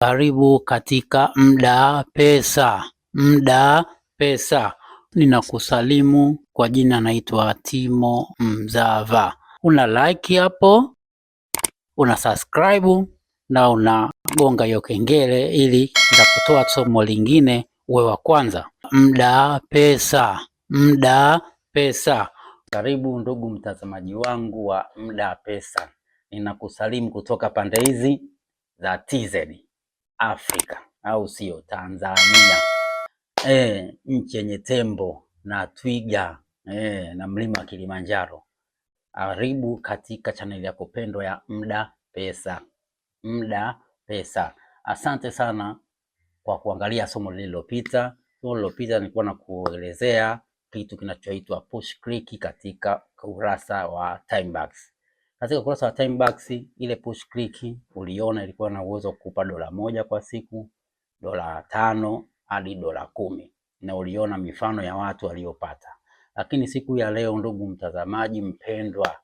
Karibu katika mda pesa, mda pesa. Ninakusalimu kwa jina, naitwa Timo Mzava. Una like hapo, una subscribe na unagonga hiyo kengele, ili nitakutoa somo lingine uwe wa kwanza. Mda pesa, mda pesa. Karibu ndugu mtazamaji wangu wa mda pesa, ninakusalimu kutoka pande hizi za TZ. Afrika, au sio? Tanzania e, nchi yenye tembo na twiga e, na mlima wa Kilimanjaro. Karibu katika chaneli yako pendwa ya Mda Pesa. Mda Pesa, asante sana kwa kuangalia somo lililopita. Somo lililopita nilikuwa na kuelezea kitu kinachoitwa push click katika kurasa wa Timebucks. Katika ukurasa wa time box, ile push click uliona ilikuwa na uwezo kukupa dola moja kwa siku, dola tano hadi dola kumi, na uliona mifano ya watu waliopata. Lakini siku ya leo, ndugu mtazamaji mpendwa,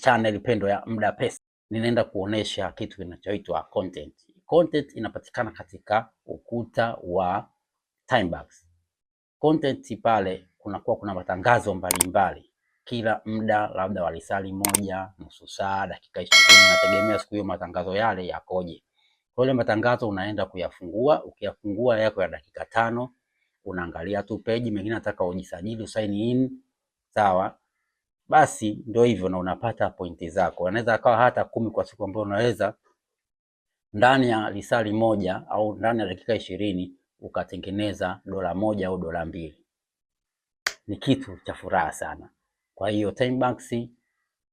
channel pendwa ya Mda Pesa, ninaenda kuonesha kitu kinachoitwa content. Content inapatikana katika ukuta wa time box. Content pale kunakuwa kuna matangazo mbalimbali kila muda, labda walisali moja nusu saa, dakika ishirini, nategemea siku hiyo matangazo yale yakoje. Kwa ile matangazo unaenda kuyafungua, ukiyafungua yako ya dakika tano, unaangalia tu peji, mengine nataka ujisajili, sign in, sawa basi ndio hivyo, na unapata pointi zako. Anaweza akawa hata kumi kwa siku, ambayo unaweza ndani ya lisali moja au ndani ya dakika ishirini ukatengeneza dola moja au dola mbili. Ni kitu cha furaha sana. Kwa hiyo banks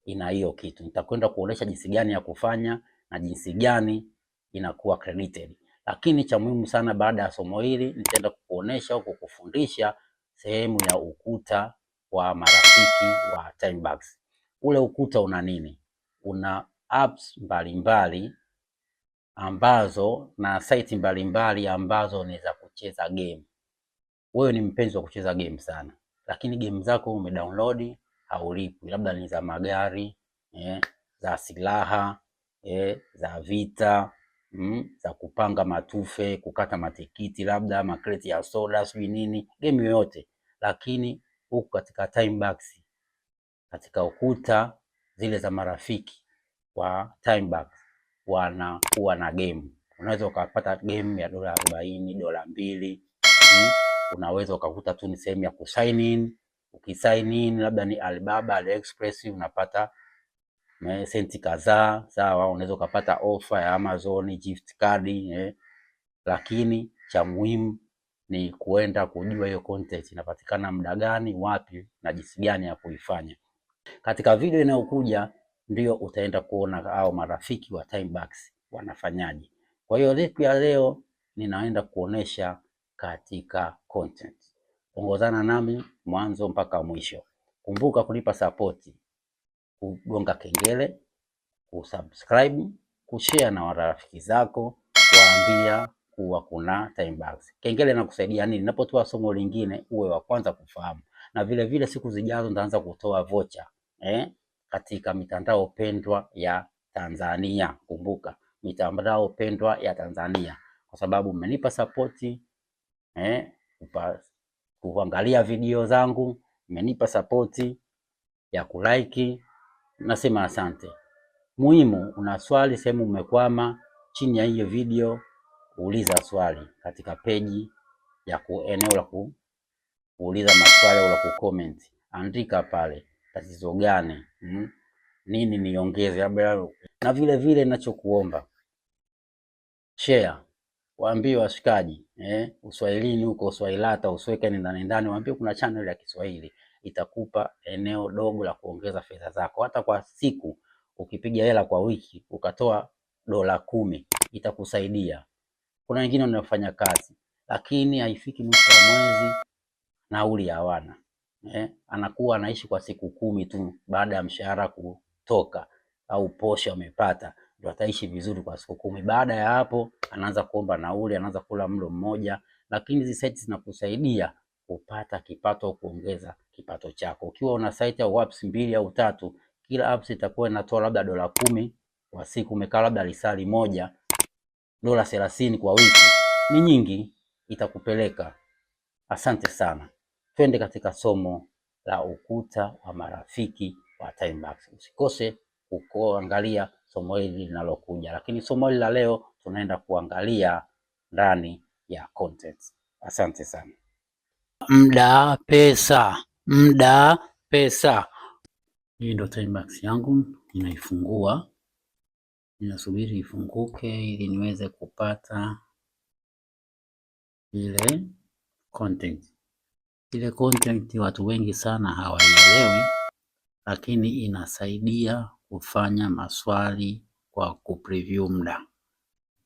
ina hiyo kitu, nitakwenda kuonesha jinsi gani ya kufanya na jinsi gani inakuwa credited. Lakini cha muhimu sana, baada ya somo hili nitaenda kukuonesha au kukufundisha sehemu ya ukuta wa marafiki wa banks. Ule ukuta una nini? Una apps mbalimbali ambazo na site mbalimbali ambazo ni za kucheza game. Wewe ni mpenzi wa kucheza game sana, lakini game zako umedownload haulipwi, labda ni za magari eh, za silaha eh, za vita mm, za kupanga matufe, kukata matikiti, labda makreti ya soda, sijui nini, game yoyote. Lakini huku katika time box, katika ukuta zile za marafiki wa time box wanakuwa na game, unaweza ukapata game ya dola arobaini, dola mbili mm, unaweza ukakuta tu ni sehemu ya kusign in Ukisign in labda ni Alibaba, AliExpress unapata eh, senti kadhaa, sawa. Unaweza ukapata ofa ya Amazon gift card eh, lakini cha muhimu ni kuenda kujua hiyo content inapatikana muda gani, wapi na jinsi gani ya kuifanya. Katika video inayokuja ndio utaenda kuona au marafiki wa Timebox wanafanyaje. Kwa hiyo ya leo ninaenda kuonesha katika content ongozana nami mwanzo mpaka mwisho. Kumbuka kunipa sapoti, kugonga kengele, kusubscribe, kushare na warafiki zako, waambia kuwa kuna Timebugs. Kengele inakusaidia nini? Ninapotoa somo lingine uwe wa kwanza kufahamu, na vile vile siku zijazo nitaanza kutoa vocha eh, katika mitandao pendwa ya Tanzania. Kumbuka mitandao pendwa ya Tanzania, kwa sababu mmenipa sapoti eh, upas kuangalia video zangu, mmenipa sapoti ya kulike, nasema asante. Muhimu, una swali sehemu umekwama, chini ya hiyo video uliza swali katika peji ya eneo la kuuliza maswali au la kucomment, andika pale tatizo gani, mm, nini niongeze, labda na vile vile ninachokuomba share waambie washikaji eh, uswahilini huko, uswahilata usweke ndani ndani, waambie kuna channel ya Kiswahili itakupa eneo dogo la kuongeza fedha zako. Hata kwa siku ukipiga hela kwa wiki ukatoa dola kumi itakusaidia. Kuna wengine wanafanya kazi lakini haifiki mwisho wa mwezi nauli hawana eh, anakuwa anaishi kwa siku kumi tu baada ya mshahara kutoka au posho amepata ndio ataishi vizuri kwa siku kumi. Baada ya hapo, anaanza kuomba nauli, anaanza kula mlo mmoja, lakini hizi site zinakusaidia kupata kipato, kuongeza kipato chako. Ukiwa una site au apps mbili au tatu, kila apps itakuwa inatoa labda dola kumi kwa siku, umekaa labda lisali moja, dola thelathini kwa wiki ni nyingi, itakupeleka. Asante sana, twende katika somo la ukuta wa marafiki wa TimeBucks. Usikose kuangalia somo hili linalokuja, lakini somo hili la leo tunaenda kuangalia ndani ya content. Asante sana. Mda, pesa, mda, pesa. Hii ndo timex yangu ninaifungua, ninasubiri ifunguke ili niweze kupata ile content. Ile content watu wengi sana hawaielewi, lakini inasaidia kufanya maswali kwa kupreview muda.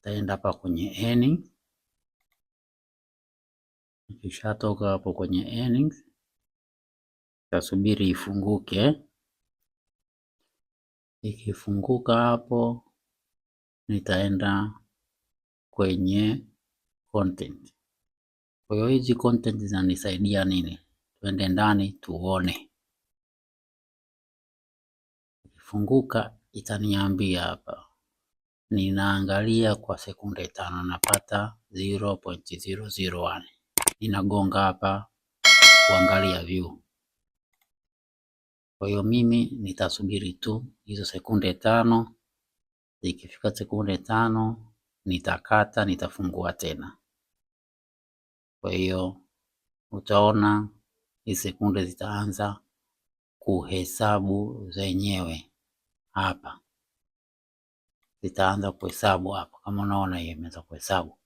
Taenda hapa kwenye earning. Ikishatoka hapo kwenye earnings, tasubiri ifunguke. Ikifunguka hapo, nitaenda kwenye content. Kwa hiyo hizi content zinanisaidia nini? Tuende ndani tuone ikifunguka itaniambia hapa. Ninaangalia kwa sekunde tano napata 0.001. Ninagonga hapa kuangalia view. Kwa hiyo mimi nitasubiri tu hizo sekunde tano. Ikifika sekunde tano nitakata, nitafungua tena. Kwa hiyo utaona hizi sekunde zitaanza kuhesabu zenyewe hapa, itaanza kuhesabu hapa. Kama unaona hiyo imeanza kuhesabu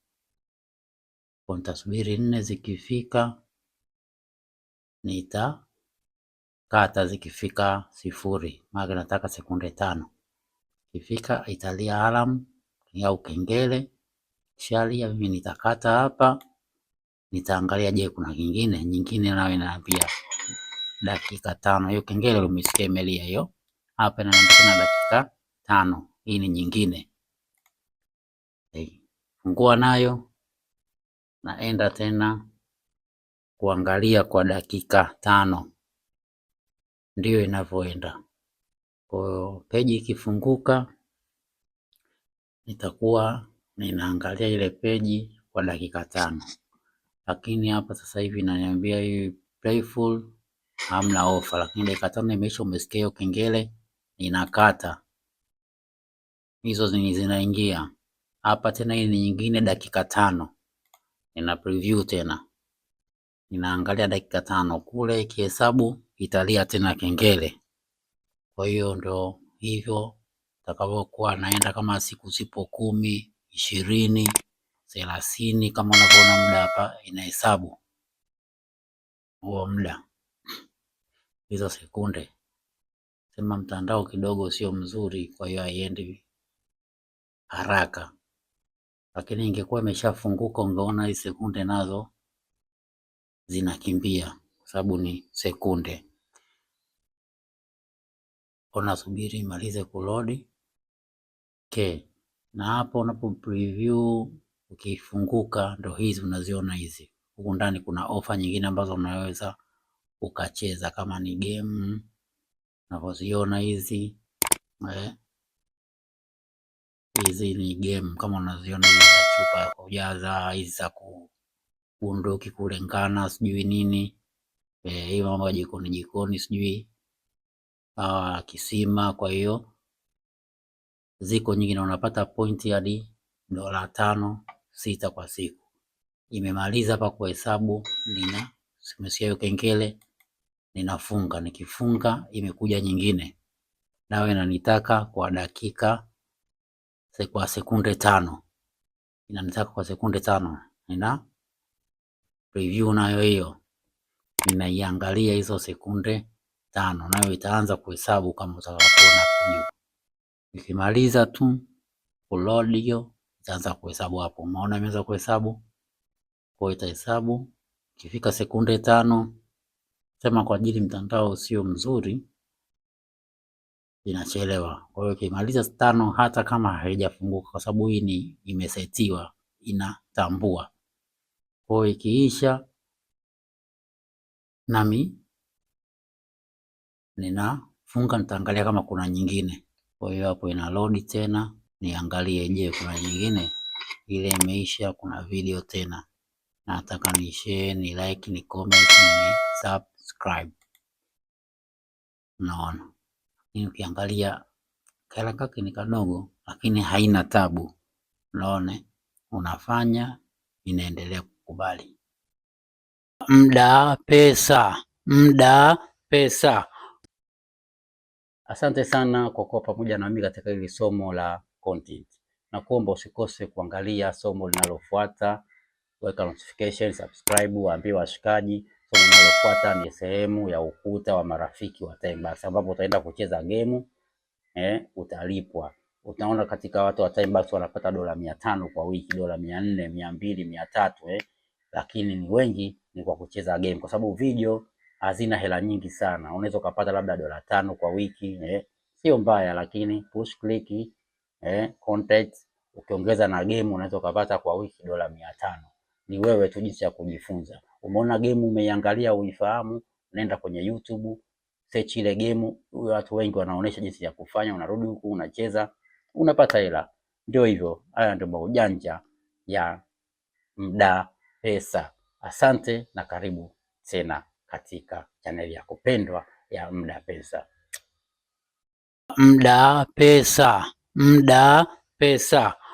kwa, nitasubiri nne zikifika nitakata, zikifika sifuri, maana nataka sekunde tano. Ikifika italia alam au ukengele shalia mimi nitakata hapa, nitaangalia, je, kuna kingine nyingine, nayo inaambia dakika tano. Hiyo kengele umesikia imelia hiyo hapa inaonekana dakika tano. Hii ni nyingine hey. Fungua nayo, naenda tena kuangalia kwa dakika tano, ndiyo inavyoenda. Kwa hiyo peji ikifunguka, nitakuwa ninaangalia ile peji kwa dakika tano, lakini hapa sasa hivi inaniambia hii playful hamna ofa, lakini dakika tano imeisha, umesikia hiyo kengele ninakata hizo zinaingia hapa tena. Hii ni nyingine dakika tano, nina preview tena, ninaangalia dakika tano kule, ikihesabu italia tena kengele. Kwa hiyo ndo hivyo takavyokuwa naenda, kama siku zipo kumi, ishirini, thelathini, kama unavyoona muda hapa inahesabu huo muda, hizo sekunde sema mtandao kidogo sio mzuri, kwa hiyo haiendi haraka, lakini ingekuwa imeshafunguka ungeona hii sekunde nazo zinakimbia, kwa sababu ni sekunde. Unasubiri imalize kulodi okay. Na hapo unapo preview ukifunguka, ndo hizi unaziona hizi. Huku ndani kuna ofa nyingine ambazo unaweza ukacheza kama ni game unavyoziona hizi eh. Hizi ni game kama unaziona hizi za chupa ya kujaza, hizi za kubunduki kulengana, sijui nini eh, hii mambo ya jikoni jikoni, sijui ah, kisima. Kwa hiyo ziko nyingi na unapata pointi hadi dola tano sita kwa siku. Imemaliza hapa hesabu, nina simesikia hiyo kengele ninafunga. Nikifunga imekuja nyingine, nawe inanitaka kwa dakika, kwa sekunde tano, inanitaka kwa sekunde tano. Nina preview nayo hiyo, ninaiangalia hizo sekunde tano, nayo itaanza kuhesabu kama utakapoona hiyo. Nikimaliza tu kuload hiyo, itaanza kuhesabu hapo. Umeona imeanza kuhesabu kwa, itahesabu ikifika sekunde tano sema kwa ajili mtandao sio mzuri inachelewa. Kwa hiyo ukimaliza tano, hata kama haijafunguka, kwa sababu hii ni imesetiwa, inatambua. Kwa hiyo ikiisha, nami ninafunga, nitaangalia kama kuna nyingine. Kwa hiyo hapo ina load tena, niangalie, je, kuna nyingine? Ile imeisha, kuna video tena. Nataka ni share, ni like, ni comment, ni sub subscribe. Unaona, lakini ukiangalia kela kake ni kadogo, lakini haina tabu. Unaona, unafanya inaendelea kukubali. Mda pesa, mda pesa. Asante sana kwa kuwa pamoja mimi katika hili somo la content, na kuomba usikose kuangalia somo linalofuata. Weka notification, subscribe, waambie washikaji Somo linalofuata ni sehemu ya ukuta wa marafiki wa Time Bucks ambapo utaenda kucheza gemu eh, utalipwa. Utaona katika watu wa Time wanapata dola mia tano kwa wiki, dola mia nne mia mbili mia tatu eh, lakini ni wengi ni kwa kucheza game, kwa sababu video hazina hela nyingi sana. Unaweza ukapata labda dola tano kwa wiki eh, sio mbaya, lakini push click eh, content ukiongeza na game unaweza ukapata kwa wiki dola mia tano. Ni wewe tu jinsi ya kujifunza. Umeona game umeiangalia, uifahamu, unaenda kwenye YouTube search ile game, watu wengi wanaonesha jinsi ya kufanya. Unarudi huku unacheza, unapata hela. Ndio hivyo, haya ndio maujanja ya mda pesa. Asante na karibu tena katika chaneli ya kupendwa ya mda pesa. Mda pesa, mda pesa.